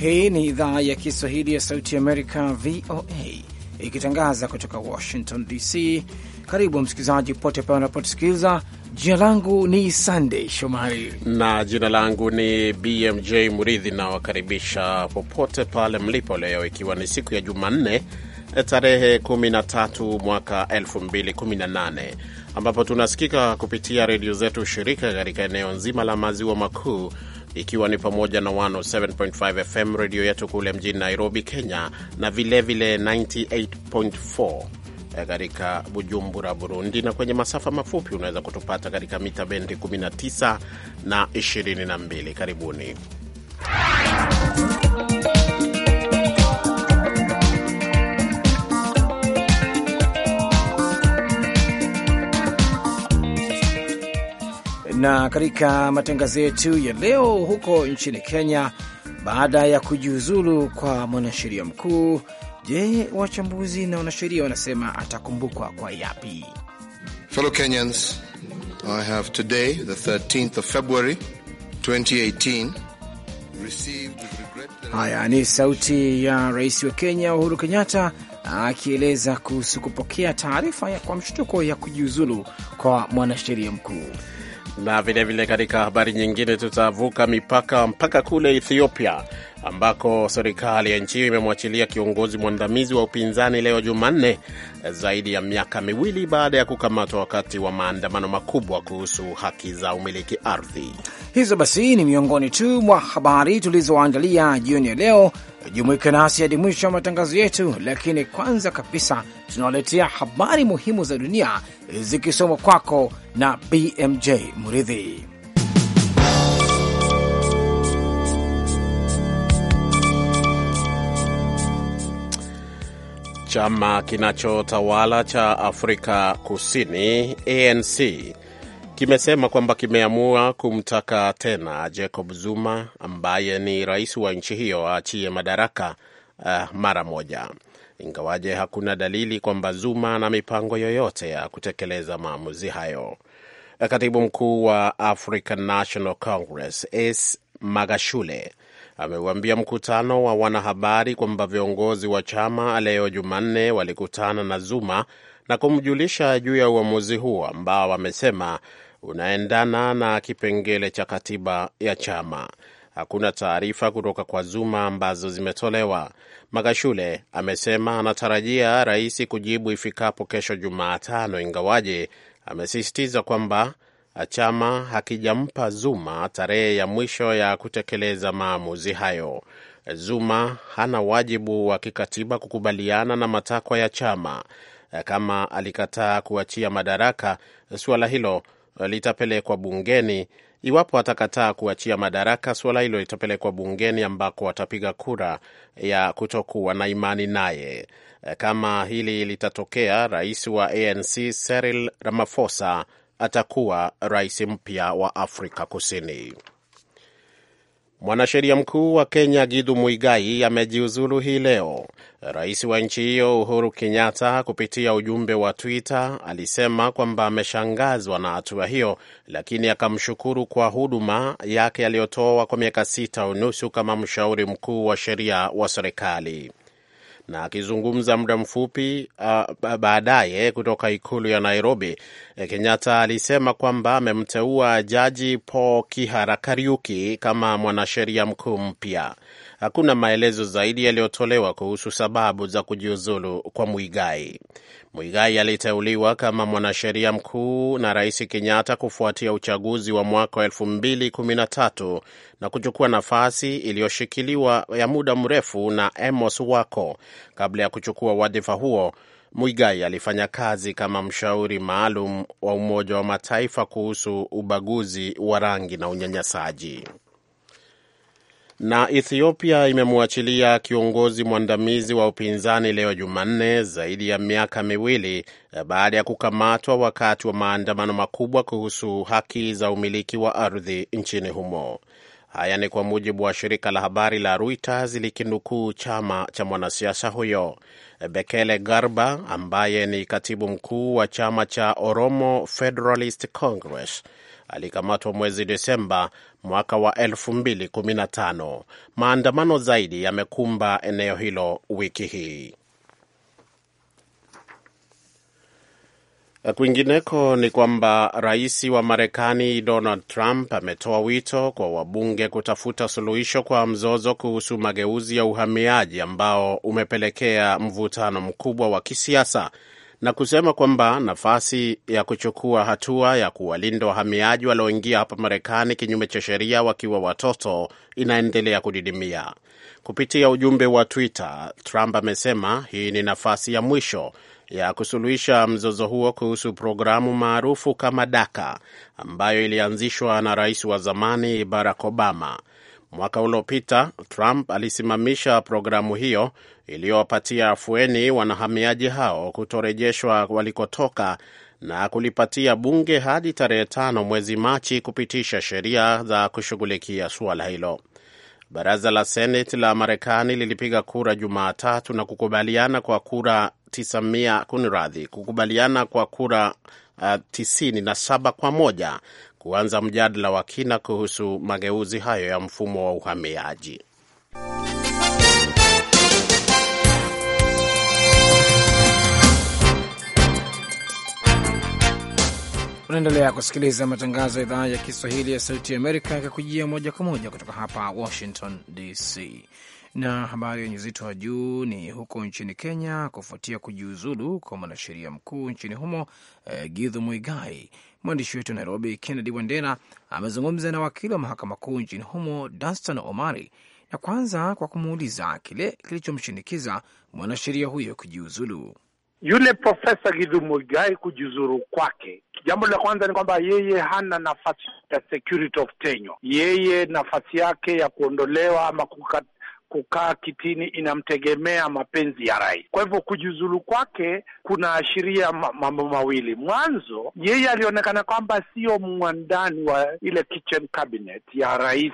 Hii ni idhaa ya Kiswahili ya Sauti Amerika, VOA, ikitangaza kutoka Washington DC. Karibu msikilizaji pote pale unapotusikiliza. Jina langu ni Sandey Shomari na jina langu ni BMJ Muridhi. Nawakaribisha popote pale mlipo leo, ikiwa ni siku ya Jumanne tarehe 13 mwaka 2018 ambapo tunasikika kupitia redio zetu shirika katika eneo nzima la maziwa makuu ikiwa ni pamoja na 107.5 FM redio yetu kule mjini Nairobi, Kenya, na vilevile 98.4 eh, katika Bujumbura, Burundi, na kwenye masafa mafupi unaweza kutupata katika mita bendi 19 na 22. Karibuni. na katika matangazo yetu ya leo, huko nchini Kenya, baada ya kujiuzulu kwa mwanasheria mkuu, je, wachambuzi na wanasheria wanasema atakumbukwa kwa yapi? Fellow Kenyans, I have today, the 13th of February 2018, Haya ni sauti ya rais wa Kenya Uhuru Kenyatta akieleza kuhusu kupokea taarifa ya kwa mshtuko ya kujiuzulu kwa mwanasheria mkuu na vilevile, katika habari nyingine tutavuka mipaka mpaka kule Ethiopia ambako serikali ya nchi hiyo imemwachilia kiongozi mwandamizi wa upinzani leo Jumanne, zaidi ya miaka miwili baada ya kukamatwa wakati wa maandamano makubwa kuhusu haki za umiliki ardhi. Hizo basi ni miongoni tu mwa habari tulizoandalia jioni ya leo. Jumuika nasi hadi mwisho wa matangazo yetu, lakini kwanza kabisa tunawaletea habari muhimu za dunia zikisomwa kwako na BMJ Muridhi. Chama kinachotawala cha Afrika Kusini ANC kimesema kwamba kimeamua kumtaka tena Jacob Zuma ambaye ni rais wa nchi hiyo aachie madaraka uh, mara moja, ingawaje hakuna dalili kwamba Zuma ana mipango yoyote ya kutekeleza maamuzi hayo. Eh, katibu mkuu wa African National Congress Ace Magashule ameuambia mkutano wa wanahabari kwamba viongozi wa chama leo Jumanne walikutana na Zuma na kumjulisha juu ya uamuzi huo ambao wamesema unaendana na kipengele cha katiba ya chama. Hakuna taarifa kutoka kwa Zuma ambazo zimetolewa. Magashule amesema anatarajia rais kujibu ifikapo kesho Jumatano, ingawaje amesisitiza kwamba chama hakijampa Zuma tarehe ya mwisho ya kutekeleza maamuzi hayo. Zuma hana wajibu wa kikatiba kukubaliana na matakwa ya chama. Kama alikataa kuachia madaraka, suala hilo litapelekwa bungeni. Iwapo atakataa kuachia madaraka, suala hilo litapelekwa bungeni ambako watapiga kura ya kutokuwa na imani naye. Kama hili litatokea, rais wa ANC Cyril Ramaphosa atakuwa rais mpya wa Afrika Kusini. Mwanasheria mkuu wa Kenya Githu Muigai amejiuzulu hii leo. Rais wa nchi hiyo Uhuru Kenyatta, kupitia ujumbe wa Twitter, alisema kwamba ameshangazwa na hatua hiyo, lakini akamshukuru kwa huduma yake aliyotoa kwa miaka sita unusu kama mshauri mkuu wa sheria wa serikali na akizungumza muda mfupi uh, baadaye kutoka ikulu ya Nairobi, eh, Kenyatta alisema kwamba amemteua jaji Paul Kihara Kariuki kama mwanasheria mkuu mpya hakuna maelezo zaidi yaliyotolewa kuhusu sababu za kujiuzulu kwa Mwigai. Mwigai aliteuliwa kama mwanasheria mkuu na Rais Kenyatta kufuatia uchaguzi wa mwaka wa kumi na kuchukua nafasi iliyoshikiliwa ya muda mrefu na Amos Wako. Kabla ya kuchukua wadhifa huo, Mwigai alifanya kazi kama mshauri maalum wa Umoja wa Mataifa kuhusu ubaguzi wa rangi na unyanyasaji. Na Ethiopia imemwachilia kiongozi mwandamizi wa upinzani leo Jumanne, zaidi ya miaka miwili eh, baada ya kukamatwa wakati wa maandamano makubwa kuhusu haki za umiliki wa ardhi nchini humo. Haya ni kwa mujibu wa shirika la habari la Reuters likinukuu chama cha mwanasiasa huyo eh, Bekele Garba ambaye ni katibu mkuu wa chama cha Oromo Federalist Congress alikamatwa mwezi Desemba mwaka wa 2015. Maandamano zaidi yamekumba eneo hilo wiki hii. Kwingineko ni kwamba rais wa Marekani Donald Trump ametoa wito kwa wabunge kutafuta suluhisho kwa mzozo kuhusu mageuzi ya uhamiaji ambao umepelekea mvutano mkubwa wa kisiasa na kusema kwamba nafasi ya kuchukua hatua ya kuwalinda wahamiaji walioingia hapa Marekani kinyume cha sheria wakiwa watoto inaendelea kudidimia. Kupitia ujumbe wa Twitter, Trump amesema hii ni nafasi ya mwisho ya kusuluhisha mzozo huo kuhusu programu maarufu kama DACA ambayo ilianzishwa na rais wa zamani Barack Obama. Mwaka uliopita Trump alisimamisha programu hiyo iliyowapatia afueni wanahamiaji hao kutorejeshwa walikotoka na kulipatia bunge hadi tarehe tano mwezi Machi kupitisha sheria za kushughulikia suala hilo. Baraza la Seneti la Marekani lilipiga kura Jumatatu na kukubaliana kwa kura tisamia kuniradhi, kukubaliana kwa kura uh, tisini na saba kwa moja kuanza mjadala wa kina kuhusu mageuzi hayo ya mfumo wa uhamiaji. Unaendelea kusikiliza matangazo ya idhaa ya Kiswahili ya Sauti ya Amerika yakikujia moja kwa moja kutoka hapa Washington DC. Na habari yenye uzito wa juu ni huko nchini Kenya, kufuatia kujiuzulu kwa mwanasheria mkuu nchini humo eh, Githu Muigai. Mwandishi wetu Nairobi, Kennedy Wandera, amezungumza na wakili wa mahakama kuu nchini humo Dunstan Omari, na kwanza kwa kumuuliza kile kilichomshinikiza mwanasheria huyo kujiuzulu. Yule Profesa Githu Muigai kujuzuru kwake, jambo la kwanza ni kwamba yeye hana nafasi ya Security of Tenure. Yeye nafasi yake ya kuondolewa ama kukaa kitini inamtegemea mapenzi ya rais. Kwa hivyo kujiuzulu kwake kunaashiria mambo mawili. Mwanzo, yeye alionekana kwamba sio mwandani wa ile kitchen cabinet ya rais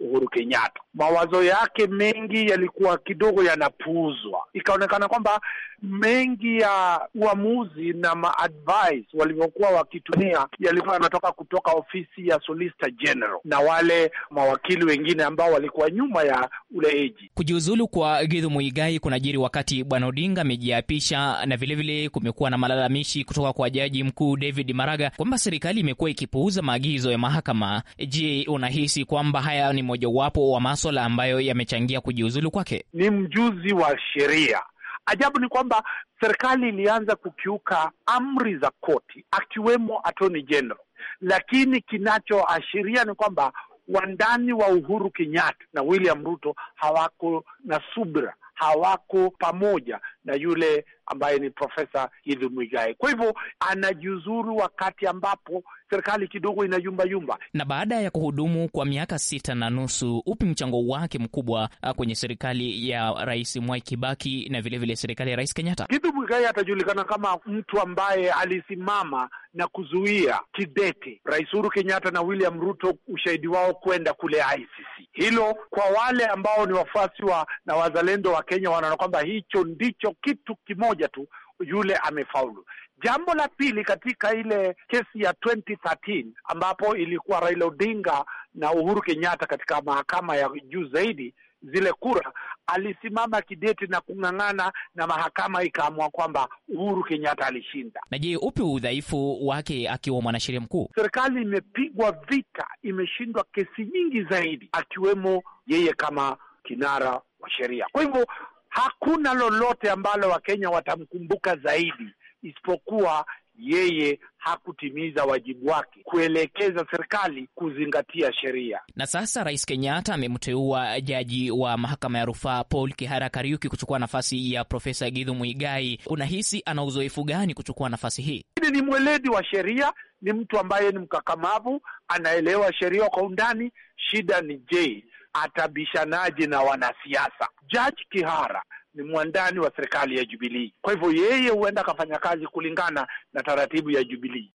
Uhuru Kenyatta. Mawazo yake mengi yalikuwa kidogo yanapuuzwa, ikaonekana kwamba mengi ya uamuzi na maadvice walivyokuwa wakitumia yalikuwa yanatoka kutoka ofisi ya Solicitor General na wale mawakili wengine ambao walikuwa nyuma ya ule miji. Kujiuzulu kwa Githu Muigai kunajiri wakati bwana Odinga amejiapisha, na vilevile kumekuwa na malalamishi kutoka kwa jaji mkuu David Maraga kwamba serikali imekuwa ikipuuza maagizo ya mahakama. Je, unahisi kwamba haya ni mojawapo wa maswala ambayo yamechangia kujiuzulu kwake? Ni mjuzi wa sheria. Ajabu ni kwamba serikali ilianza kukiuka amri za koti akiwemo attorney general, lakini kinachoashiria ni kwamba wandani wa Uhuru Kenyatta na William Ruto hawako na subira, hawako pamoja na yule ambaye ni Profesa Githu Muigai. Kwa hivyo anajiuzuru wakati ambapo serikali kidogo ina yumba. Na baada ya kuhudumu kwa miaka sita na nusu, upi mchango wake mkubwa kwenye serikali ya Rais Mwai Kibaki na vilevile vile serikali ya Rais Kenyatta? Githu Muigai atajulikana kama mtu ambaye alisimama na kuzuia kidete Rais Uhuru Kenyatta na William Ruto ushahidi wao kwenda kule ICC. Hilo kwa wale ambao ni wafuasi wa na wazalendo wa Kenya wanaona kwamba hicho ndicho kitu kimoja tu yule amefaulu. Jambo la pili, katika ile kesi ya 2013 ambapo ilikuwa Raila Odinga na Uhuru Kenyatta katika mahakama ya juu zaidi zile kura alisimama kidete na kung'ang'ana na mahakama ikaamua kwamba Uhuru Kenyatta alishinda. Na je, upi udhaifu wake akiwa mwanasheria mkuu? Serikali imepigwa vita, imeshindwa kesi nyingi zaidi, akiwemo yeye kama kinara wa sheria. Kwa hivyo hakuna lolote ambalo Wakenya watamkumbuka zaidi isipokuwa yeye hakutimiza wajibu wake kuelekeza serikali kuzingatia sheria. Na sasa Rais Kenyatta amemteua jaji wa mahakama ya rufaa Paul Kihara Kariuki kuchukua nafasi ya Profesa Githu Muigai. Unahisi ana uzoefu gani kuchukua nafasi hii? Ni mweledi wa sheria, ni mtu ambaye ni mkakamavu, anaelewa sheria kwa undani. Shida ni je, atabishanaje na wanasiasa? Jaji Kihara ni mwandani wa serikali ya Jubilii. Kwa hivyo yeye huenda akafanya kazi kulingana na taratibu ya Jubilii.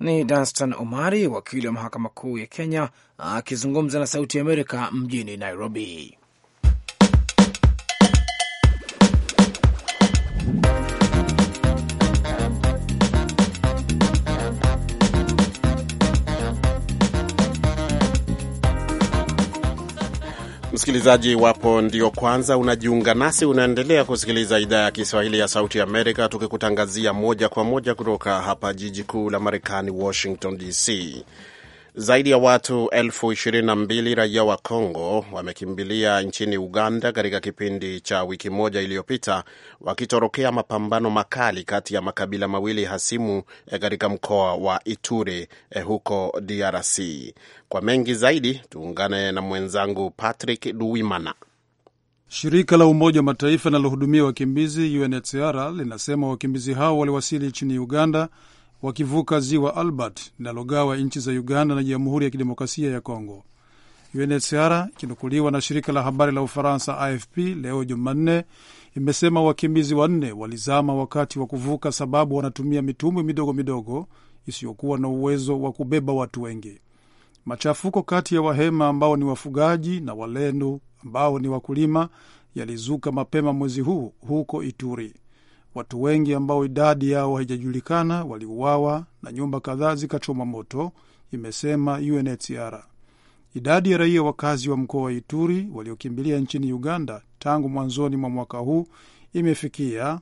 Ni Danstan Omari, wakili wa mahakama kuu ya Kenya, akizungumza na Sauti ya Amerika mjini Nairobi. Msikilizaji, iwapo ndio kwanza unajiunga nasi, unaendelea kusikiliza idhaa ya Kiswahili ya Sauti Amerika, tukikutangazia moja kwa moja kutoka hapa jiji kuu la Marekani, Washington DC. Zaidi ya watu elfu ishirini na mbili raia wa Congo wamekimbilia nchini Uganda katika kipindi cha wiki moja iliyopita, wakitorokea mapambano makali kati ya makabila mawili hasimu e, katika mkoa wa Ituri e, huko DRC. Kwa mengi zaidi, tuungane na mwenzangu Patrick Duwimana. Shirika la Umoja wa Mataifa linalohudumia wakimbizi UNHCR linasema wakimbizi hao waliwasili nchini Uganda wakivuka ziwa Albert linalogawa nchi za Uganda na Jamhuri ya Kidemokrasia ya Kongo. UNHCR ikinukuliwa na shirika la habari la Ufaransa AFP leo Jumanne imesema wakimbizi wanne walizama wakati wa kuvuka, sababu wanatumia mitumbwi midogo midogo isiyokuwa na uwezo wa kubeba watu wengi. Machafuko kati ya Wahema ambao ni wafugaji na Walendu ambao ni wakulima yalizuka mapema mwezi huu huko Ituri. Watu wengi ambao idadi yao haijajulikana waliuawa na nyumba kadhaa zikachoma moto, imesema UNHCR. Idadi ya raia wakazi wa mkoa wa Ituri waliokimbilia nchini Uganda tangu mwanzoni mwa mwaka huu imefikia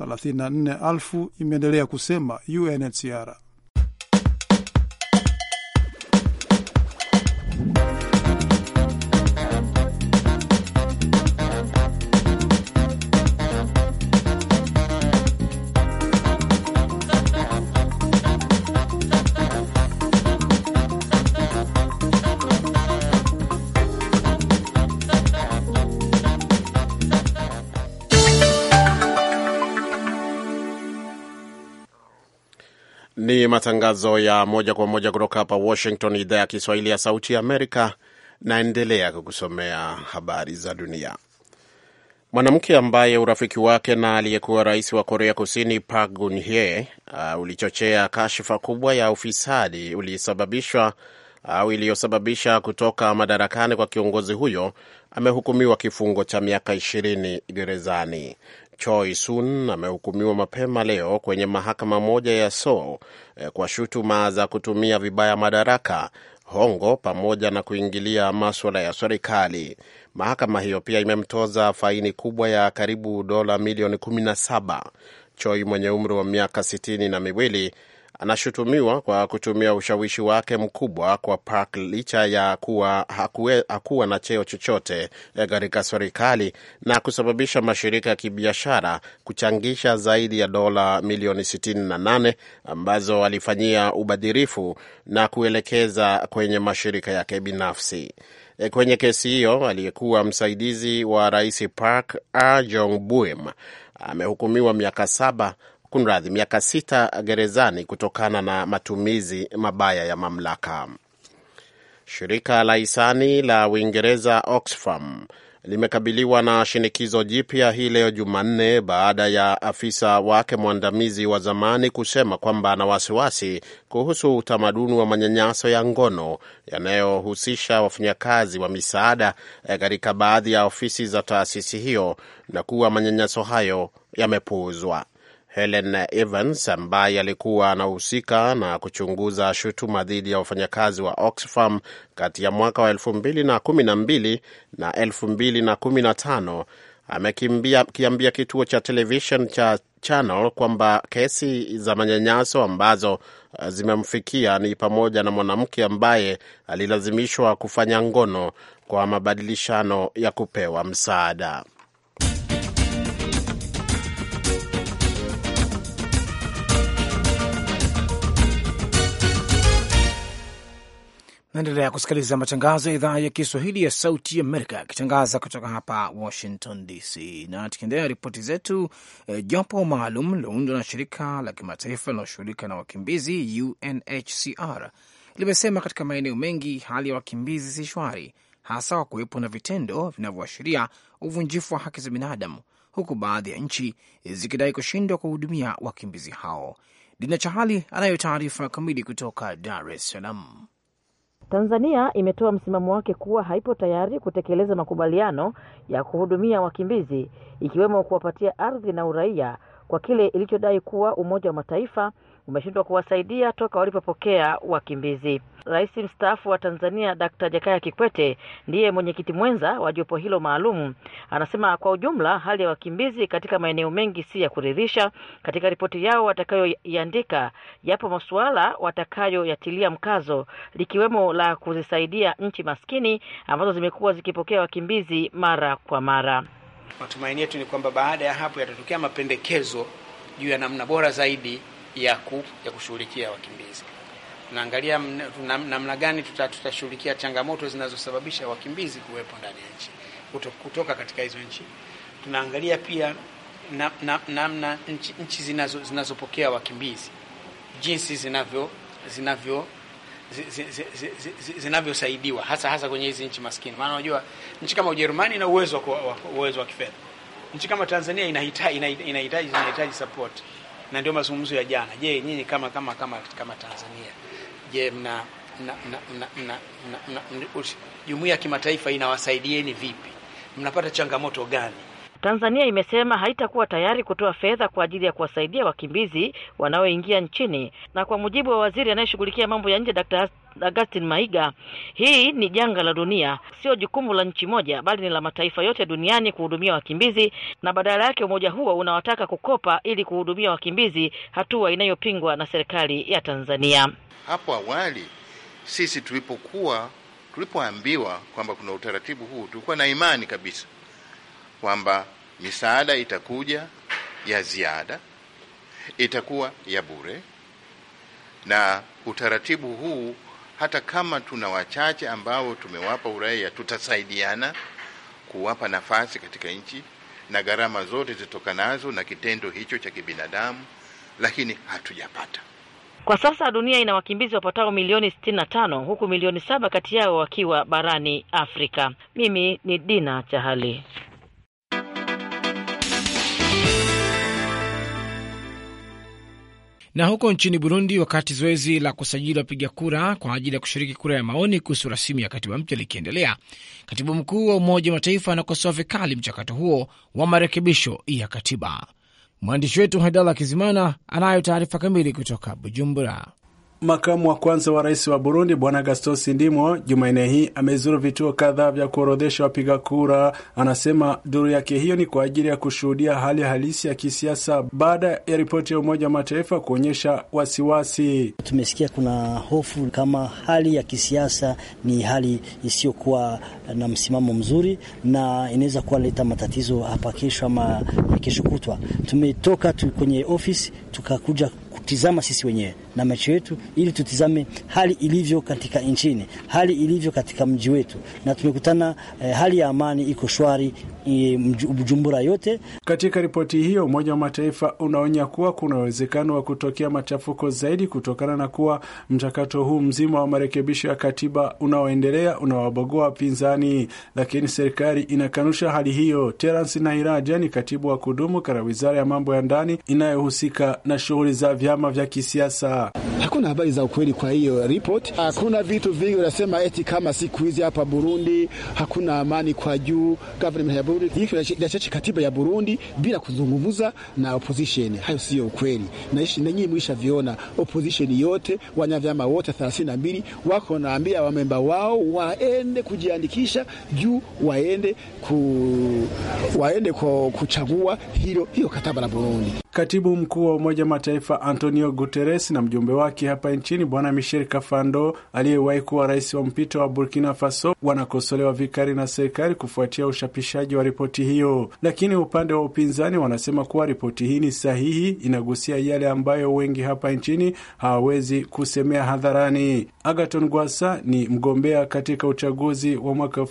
34,000, imeendelea kusema UNHCR. matangazo ya moja kwa moja kutoka hapa Washington, idhaa ya Kiswahili ya Sauti ya Amerika. Naendelea kukusomea habari za dunia. Mwanamke ambaye urafiki wake na aliyekuwa rais wa Korea Kusini Park Geun-hye uh, ulichochea kashfa kubwa ya ufisadi ulisababishwa au uh, iliyosababisha kutoka madarakani kwa kiongozi huyo amehukumiwa kifungo cha miaka ishirini gerezani. Choi Sun amehukumiwa mapema leo kwenye mahakama moja ya Seoul eh, kwa shutuma za kutumia vibaya madaraka, hongo pamoja na kuingilia maswala ya serikali. Mahakama hiyo pia imemtoza faini kubwa ya karibu dola milioni 17. Choi mwenye umri wa miaka sitini na miwili anashutumiwa kwa kutumia ushawishi wake mkubwa kwa Park licha ya kuwa hakuwe, hakuwa na cheo chochote eh, katika serikali na kusababisha mashirika ya kibiashara kuchangisha zaidi ya dola milioni 68 ambazo alifanyia ubadhirifu na kuelekeza kwenye mashirika yake binafsi. Eh, kwenye kesi hiyo aliyekuwa msaidizi wa rais Park Ah Jong Buem amehukumiwa miaka saba kunradhi, miaka sita gerezani kutokana na matumizi mabaya ya mamlaka. Shirika la hisani la Uingereza Oxfam limekabiliwa na shinikizo jipya hii leo Jumanne baada ya afisa wake mwandamizi wa zamani kusema kwamba ana wasiwasi kuhusu utamaduni wa manyanyaso ya ngono yanayohusisha wafanyakazi wa misaada eh, katika baadhi ya ofisi za taasisi hiyo na kuwa manyanyaso hayo yamepuuzwa. Helen Evans ambaye alikuwa anahusika na kuchunguza shutuma dhidi ya wafanyakazi wa Oxfam kati ya mwaka wa 2012 na 2015 amekiambia kituo cha televishen cha Channel kwamba kesi za manyanyaso ambazo uh, zimemfikia ni pamoja na mwanamke ambaye alilazimishwa kufanya ngono kwa mabadilishano ya kupewa msaada. Naendelea kusikiliza matangazo ya idhaa ya Kiswahili ya Sauti Amerika yakitangaza kutoka hapa Washington DC, na tukiendelea ripoti zetu. E, jopo maalum liloundwa na shirika la kimataifa linaloshughulika na wakimbizi UNHCR limesema katika maeneo mengi hali ya wakimbizi si shwari, hasa kwa kuwepo na vitendo vinavyoashiria uvunjifu wa haki za binadamu, huku baadhi ya nchi zikidai kushindwa kuhudumia wakimbizi hao. Dina Chahali anayo taarifa kamili kutoka Dar es Salaam. Tanzania imetoa msimamo wake kuwa haipo tayari kutekeleza makubaliano ya kuhudumia wakimbizi ikiwemo kuwapatia ardhi na uraia kwa kile ilichodai kuwa Umoja wa Mataifa umeshindwa kuwasaidia toka walipopokea wakimbizi. Rais mstaafu wa Tanzania Dkt. Jakaya Kikwete ndiye mwenyekiti mwenza wa jopo hilo maalum, anasema kwa ujumla hali ya wakimbizi katika maeneo mengi si ya kuridhisha. Katika ripoti yao watakayoiandika, yapo masuala watakayoyatilia mkazo, likiwemo la kuzisaidia nchi maskini ambazo zimekuwa zikipokea wakimbizi mara kwa mara. Matumaini yetu ni kwamba baada ya hapo yatatokea mapendekezo juu ya namna bora zaidi ya, ku, ya kushughulikia wakimbizi. Tunaangalia namna gani tutashughulikia tuta changamoto zinazosababisha wakimbizi kuwepo ndani ya nchi kutoka katika hizo nchi. Tunaangalia pia namna na, na, nchi, nchi zinazo, zinazopokea wakimbizi jinsi zinavyo zinavyo zinavyosaidiwa hasa hasa kwenye hizi nchi maskini. Maana unajua nchi kama Ujerumani ina uwezo wa uwezo wa kifedha, nchi kama Tanzania inahitaji inahitaji inahitaji support na ndio mazungumzo ya jana. Je, nyinyi kama kama kama kama Tanzania, je, mna jumuiya ya kimataifa inawasaidieni vipi? Mnapata changamoto gani? Tanzania imesema haitakuwa tayari kutoa fedha kwa ajili ya kuwasaidia wakimbizi wanaoingia nchini, na kwa mujibu wa waziri anayeshughulikia mambo ya nje Dr. Augustine Maiga, hii ni janga la dunia, sio jukumu la nchi moja, bali ni la mataifa yote duniani kuhudumia wakimbizi, na badala yake umoja huo unawataka kukopa ili kuhudumia wakimbizi, hatua inayopingwa na serikali ya Tanzania. Hapo awali sisi tulipokuwa tulipoambiwa kwamba kuna utaratibu huu, tulikuwa na imani kabisa kwamba misaada itakuja ya ziada, itakuwa ya bure, na utaratibu huu hata kama tuna wachache ambao tumewapa uraia, tutasaidiana kuwapa nafasi katika nchi na gharama zote zitokanazo na kitendo hicho cha kibinadamu, lakini hatujapata kwa sasa. Dunia ina wakimbizi wapatao milioni 65 huku milioni saba kati yao wakiwa barani Afrika. Mimi ni Dina Chahali. Na huko nchini Burundi, wakati zoezi la kusajili wapiga kura kwa ajili ya kushiriki kura ya maoni kuhusu rasimu ya katiba mpya likiendelea, katibu mkuu wa Umoja wa Mataifa anakosoa vikali mchakato huo wa marekebisho ya katiba. Mwandishi wetu Haidala Kizimana anayo taarifa kamili kutoka Bujumbura. Makamu wa kwanza wa rais wa Burundi Bwana Gaston Sindimo Jumanne hii amezuru vituo kadhaa vya kuorodhesha wapiga kura. Anasema duru yake hiyo ni kwa ajili ya kushuhudia hali halisi ya kisiasa baada ya ripoti ya Umoja wa Mataifa kuonyesha wasiwasi. Tumesikia kuna hofu kama hali ya kisiasa ni hali isiyokuwa na msimamo mzuri, na inaweza kuwaleta matatizo hapa kesho ama kesho kutwa. Tumetoka tu kwenye ofisi tukakuja kutizama sisi wenyewe na macho yetu, ili tutizame hali ilivyo katika nchini, hali ilivyo katika mji wetu, na tumekutana eh, hali ya amani iko shwari eh, mjumbura Bujumbura yote. Katika ripoti hiyo, Umoja wa Mataifa unaonya kuwa kuna uwezekano wa kutokea machafuko zaidi kutokana na kuwa mchakato huu mzima wa marekebisho ya katiba unaoendelea unawabogoa wapinzani, lakini serikali inakanusha hali hiyo. Terence Nairaja ni katibu wa kudumu katika wizara ya mambo ya ndani inayohusika na shughuli za vyama vya kisiasa. Hakuna habari za ukweli kwa hiyo report. Kuna vitu vingi unasema eti kama siku hizi hapa Burundi hakuna amani kwa juu government ya Burundi inachache katiba ya Burundi bila kuzungumza na opposition. Hayo sio ukweli, na nanyi mwisha viona opposition yote wanyavyama wote 32 wako wanaambia wamemba wao waende kujiandikisha juu waende ku, waende kwa kuchagua hilo hiyo kataba la Burundi. Katibu mkuu wa Umoja Mataifa Antonio Guterres na Ujumbe wake hapa nchini, Bwana Michel Kafando aliyewahi kuwa rais wa mpito wa Burkina Faso wanakosolewa vikali na serikali kufuatia uchapishaji wa ripoti hiyo, lakini upande wa upinzani wanasema kuwa ripoti hii ni sahihi, inagusia yale ambayo wengi hapa nchini hawawezi kusemea hadharani. Agaton Gwasa ni mgombea katika uchaguzi wa mwaka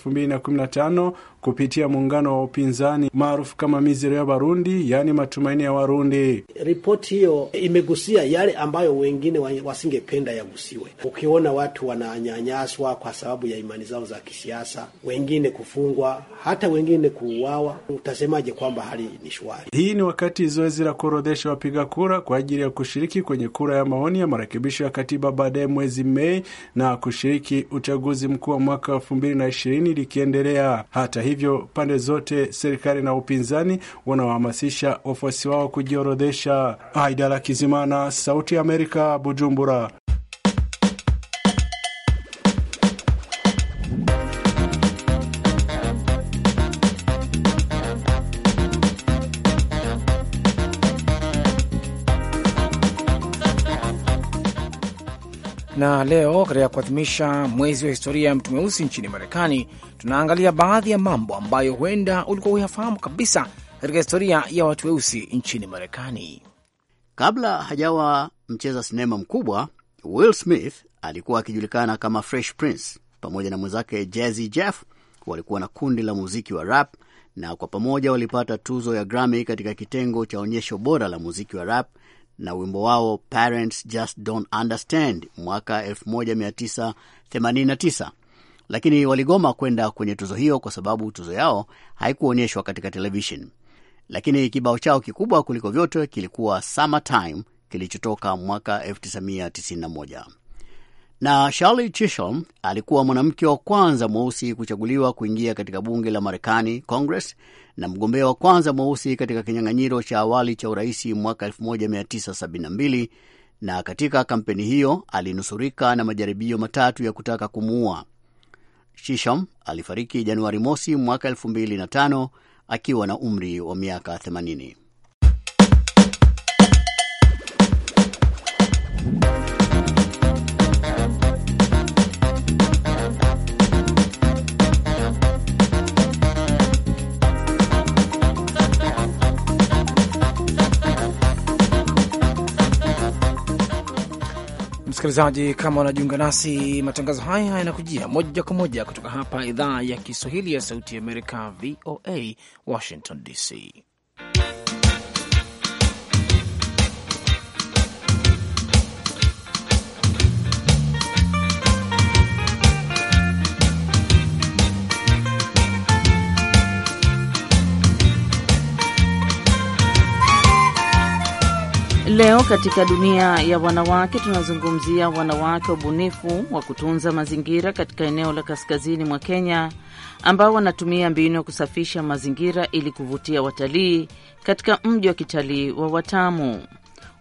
tano kupitia muungano wa upinzani maarufu kama Mizero ya Barundi, yaani matumaini ya Warundi. Ripoti hiyo imegusia yale ambayo wengi wengine wasingependa yagusiwe. Ukiona watu wananyanyaswa kwa sababu ya imani zao za kisiasa, wengine kufungwa, hata wengine kuuawa, utasemaje kwamba hali ni shwari? Hii ni wakati zoezi la kuorodhesha wapiga kura kwa ajili ya kushiriki kwenye kura ya maoni ya marekebisho ya katiba baadaye mwezi Mei na kushiriki uchaguzi mkuu wa mwaka elfu mbili na ishirini likiendelea. Hata hivyo, pande zote, serikali na upinzani, wanawahamasisha wafuasi wao kujiorodhesha. Haidara Kizimana, Sauti ya Amerika, katika Bujumbura. Na leo katika kuadhimisha mwezi wa historia ya mtu mweusi nchini Marekani, tunaangalia baadhi ya mambo ambayo huenda ulikuwa huyafahamu kabisa katika historia ya watu weusi nchini Marekani. Kabla hajawa mcheza sinema mkubwa Will Smith alikuwa akijulikana kama Fresh Prince. Pamoja na mwenzake Jazzy Jeff walikuwa na kundi la muziki wa rap, na kwa pamoja walipata tuzo ya Grammy katika kitengo cha onyesho bora la muziki wa rap na wimbo wao Parents Just Don't Understand mwaka 1989 lakini waligoma kwenda kwenye tuzo hiyo kwa sababu tuzo yao haikuonyeshwa katika televishen. Lakini kibao chao kikubwa kuliko vyote kilikuwa Summertime kilichotoka mwaka 1991 na Shirley Chisholm alikuwa mwanamke wa kwanza mweusi kuchaguliwa kuingia katika bunge la Marekani, Congress, na mgombea wa kwanza mweusi katika kinyang'anyiro cha awali cha uraisi mwaka 1972 na katika kampeni hiyo alinusurika na majaribio matatu ya kutaka kumuua. Chisholm alifariki Januari mosi mwaka 2005 akiwa na umri wa miaka 80. Msikilizaji, kama unajiunga nasi, matangazo haya yanakujia moja kwa moja kutoka hapa idhaa ya Kiswahili ya Sauti ya Amerika, VOA, Washington DC. Leo katika dunia ya wanawake tunazungumzia wanawake wabunifu wa kutunza mazingira katika eneo la kaskazini mwa Kenya ambao wanatumia mbinu ya kusafisha mazingira ili kuvutia watalii katika mji wa kitalii wa Watamu.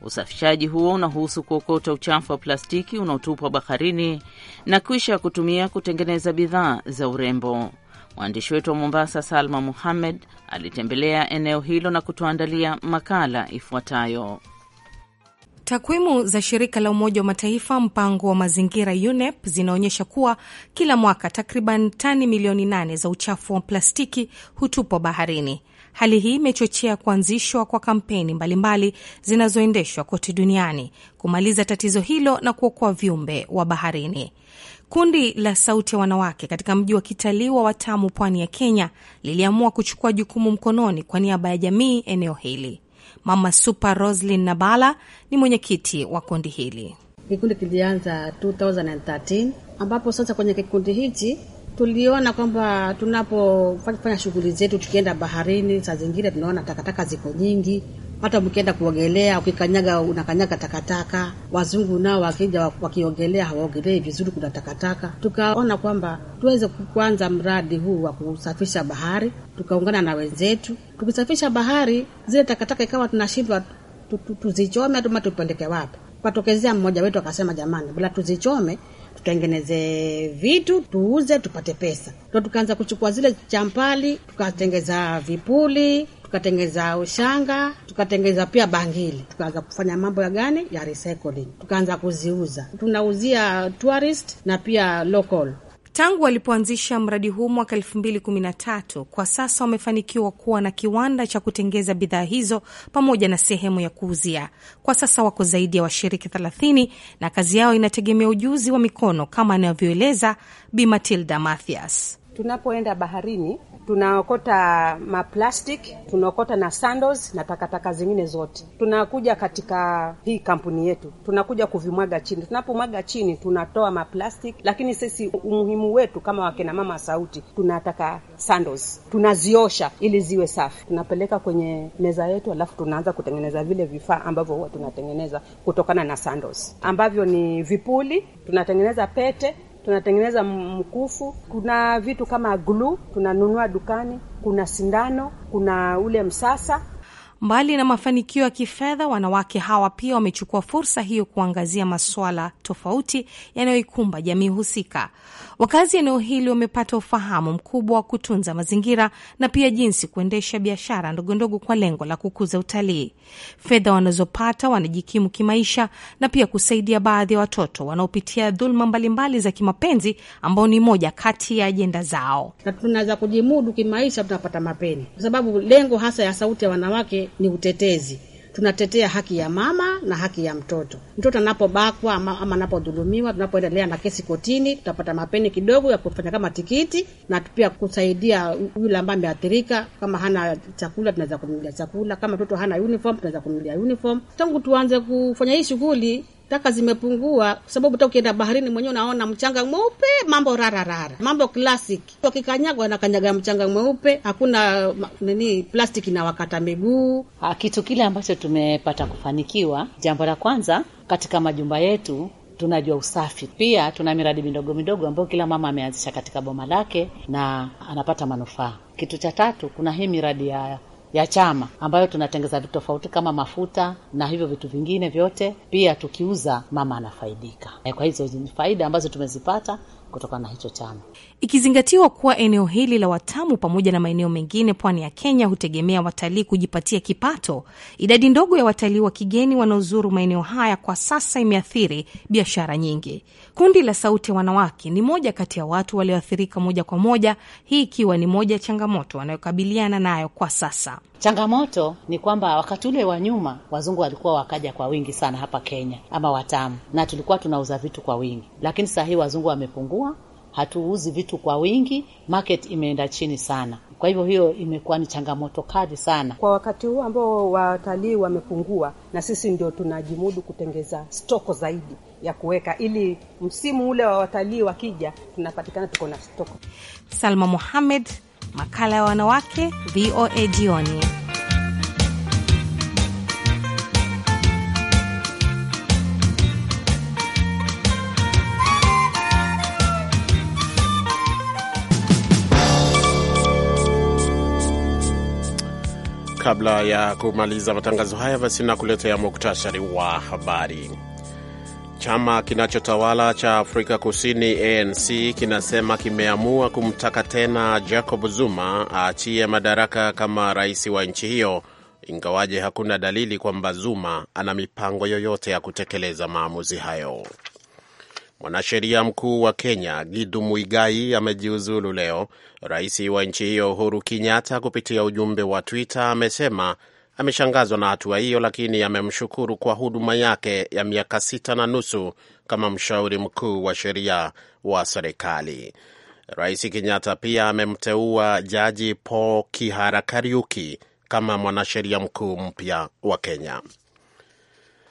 Usafishaji huo unahusu kuokota uchafu wa plastiki unaotupwa baharini na kisha kutumia kutengeneza bidhaa za urembo. Mwandishi wetu wa Mombasa, Salma Muhammed, alitembelea eneo hilo na kutuandalia makala ifuatayo. Takwimu za shirika la Umoja wa Mataifa mpango wa mazingira UNEP zinaonyesha kuwa kila mwaka takriban tani milioni nane za uchafu wa plastiki hutupwa baharini. Hali hii imechochea kuanzishwa kwa kampeni mbalimbali zinazoendeshwa kote duniani kumaliza tatizo hilo na kuokoa viumbe wa baharini. Kundi la Sauti ya Wanawake katika mji wa kitalii wa Watamu, pwani ya Kenya, liliamua kuchukua jukumu mkononi kwa niaba ya jamii eneo hili. Mama Super Roslin Nabala ni mwenyekiti wa kundi hili. Kikundi kilianza 2013 ambapo sasa kwenye kikundi hichi tuliona kwamba tunapofanya shughuli zetu, tukienda baharini, saa zingine tunaona takataka ziko nyingi, hata mkienda kuogelea, ukikanyaga unakanyaga takataka. Wazungu nao wakija wakiogelea hawaogelei vizuri, kuna takataka. Tukaona kwamba tuweze kuanza mradi huu wa kusafisha bahari, tukaungana na wenzetu. Tukisafisha bahari, zile takataka ikawa tunashindwa tuzichome ama tupeleke wapi. Patokezea mmoja wetu akasema, jamani, bila tuzichome tutengeneze vitu tuuze tupate pesa. Ndo tukaanza kuchukua zile champali tukatengeza vipuli tukatengeza ushanga, tukatengeza pia bangili, tukaanza kufanya mambo ya gani ya recycling, tukaanza kuziuza, tunauzia tourist na pia local. Tangu walipoanzisha mradi huu mwaka elfu mbili kumi na tatu kwa sasa wamefanikiwa kuwa na kiwanda cha kutengeza bidhaa hizo pamoja na sehemu ya kuuzia. Kwa sasa wako zaidi ya washiriki thelathini na kazi yao inategemea ujuzi wa mikono kama anavyoeleza Bi Matilda Mathias. Tunapoenda baharini tunaokota maplastik tunaokota na sandals na takataka zingine zote. Tunakuja katika hii kampuni yetu, tunakuja kuvimwaga chini. Tunapomwaga chini, tunatoa maplastik lakini sisi umuhimu wetu kama wakina mama sauti, tunataka sandals, tunaziosha ili ziwe safi, tunapeleka kwenye meza yetu, alafu tunaanza kutengeneza vile vifaa ambavyo huwa tunatengeneza kutokana na sandals, ambavyo ni vipuli, tunatengeneza pete tunatengeneza mkufu. Kuna vitu kama gluu tunanunua dukani, kuna sindano, kuna ule msasa. Mbali na mafanikio ya kifedha, wanawake hawa pia wamechukua fursa hiyo kuangazia masuala tofauti yanayoikumba jamii husika. Wakazi eneo hili wamepata ufahamu mkubwa wa kutunza mazingira na pia jinsi kuendesha biashara ndogondogo kwa lengo la kukuza utalii. Fedha wanazopata wanajikimu kimaisha na pia kusaidia baadhi ya watoto wanaopitia dhuluma mbalimbali za kimapenzi, ambao ni moja kati ya ajenda zao. Na tunaweza kujimudu kimaisha, tunapata mapeni, kwa sababu lengo hasa ya Sauti ya Wanawake ni utetezi tunatetea haki ya mama na haki ya mtoto. Mtoto anapobakwa ama, ama anapodhulumiwa, tunapoendelea na kesi kotini, tutapata mapeni kidogo ya kufanya kama tikiti na pia kusaidia yule ambaye ameathirika. Kama hana chakula, tunaweza kumlia chakula. Kama mtoto hana uniform, tunaweza kumlia uniform. Tangu tuanze kufanya hii shughuli taka zimepungua, kwa sababu hata ukienda baharini mwenyewe unaona mchanga mweupe, mambo rararara, mambo classic. Wakikanyaga wanakanyaga mchanga mweupe, hakuna nini, plastiki inawakata miguu. Ah, kitu kile ambacho tumepata kufanikiwa, jambo la kwanza katika majumba yetu tunajua usafi. Pia tuna miradi midogo midogo ambayo kila mama ameanzisha katika boma lake na anapata manufaa. Kitu cha tatu, kuna hii miradi ya ya chama ambayo tunatengeza vitu tofauti kama mafuta na hivyo vitu vingine vyote. Pia tukiuza mama anafaidika eh, kwa hizo faida ambazo tumezipata kutokana na hicho chama ikizingatiwa kuwa eneo hili la Watamu pamoja na maeneo mengine pwani ya Kenya hutegemea watalii kujipatia kipato. Idadi ndogo ya watalii wa kigeni wanaozuru maeneo haya kwa sasa imeathiri biashara nyingi. Kundi la Sauti ya Wanawake ni moja kati ya watu walioathirika moja kwa moja, hii ikiwa ni moja ya changamoto wanayokabiliana nayo kwa sasa. Changamoto ni kwamba wakati ule wa nyuma wazungu walikuwa wakaja kwa wingi sana hapa Kenya ama Watamu, na tulikuwa tunauza vitu kwa wingi, lakini sahii wazungu wamepungua hatuuzi vitu kwa wingi, market imeenda chini sana. Kwa hivyo hiyo imekuwa ni changamoto kali sana kwa wakati huu ambao watalii wamepungua, na sisi ndio tunajimudu kutengeza stoko zaidi ya kuweka ili msimu ule wa watalii wakija, tunapatikana tuko na stoko. Salma muhamed makala ya wanawake, VOA jioni. kabla ya kumaliza matangazo haya, basi nakuletea muktasari wa habari. Chama kinachotawala cha Afrika Kusini ANC kinasema kimeamua kumtaka tena Jacob Zuma aachie madaraka kama rais wa nchi hiyo, ingawaje hakuna dalili kwamba Zuma ana mipango yoyote ya kutekeleza maamuzi hayo. Mwanasheria mkuu wa Kenya Gidu Muigai amejiuzulu leo. Rais wa nchi hiyo Uhuru Kenyatta, kupitia ujumbe wa Twitter, amesema ameshangazwa na hatua hiyo, lakini amemshukuru kwa huduma yake ya miaka sita na nusu kama mshauri mkuu wa sheria wa serikali. Rais Kenyatta pia amemteua Jaji Paul Kihara Kariuki kama mwanasheria mkuu mpya wa Kenya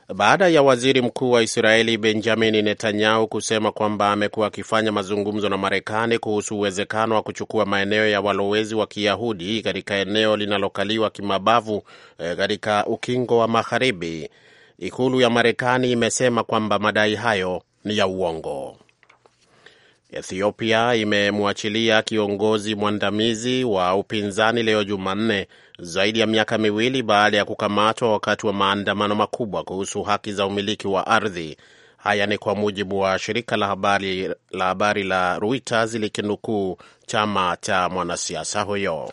baada ya waziri mkuu wa Israeli Benjamin Netanyahu kusema kwamba amekuwa akifanya mazungumzo na Marekani kuhusu uwezekano wa kuchukua maeneo ya walowezi wa Kiyahudi katika eneo linalokaliwa kimabavu eh, katika ukingo wa Magharibi. Ikulu ya Marekani imesema kwamba madai hayo ni ya uongo. Ethiopia imemwachilia kiongozi mwandamizi wa upinzani leo Jumanne zaidi ya miaka miwili baada ya kukamatwa wakati wa maandamano makubwa kuhusu haki za umiliki wa ardhi. Haya ni kwa mujibu wa shirika la habari la habari la Reuters likinukuu chama cha mwanasiasa huyo.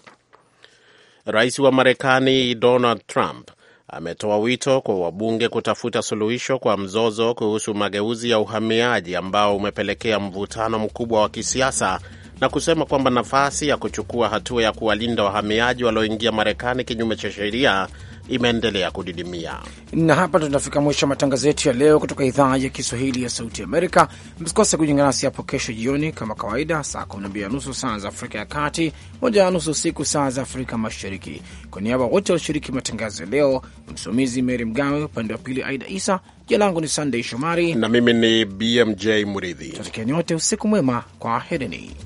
Rais wa Marekani Donald Trump ametoa wito kwa wabunge kutafuta suluhisho kwa mzozo kuhusu mageuzi ya uhamiaji ambao umepelekea mvutano mkubwa wa kisiasa na kusema kwamba nafasi ya kuchukua hatua ya kuwalinda wahamiaji walioingia Marekani kinyume cha sheria imeendelea kudidimia. Na hapa tunafika mwisho wa matangazo yetu ya leo kutoka idhaa ya Kiswahili ya Sauti Amerika. Msikose kujiunga nasi hapo kesho jioni kama kawaida, saa kumi na nusu saa za Afrika ya Kati, moja na nusu usiku saa za Afrika Mashariki. Kwa niaba wote walishiriki matangazo ya leo, msimamizi Meri Mgawe, upande wa pili Aida Isa, jina langu ni Sandey Shomari na mimi ni BMJ Muridhi. Tutakieni wote usiku mwema, kwa herini.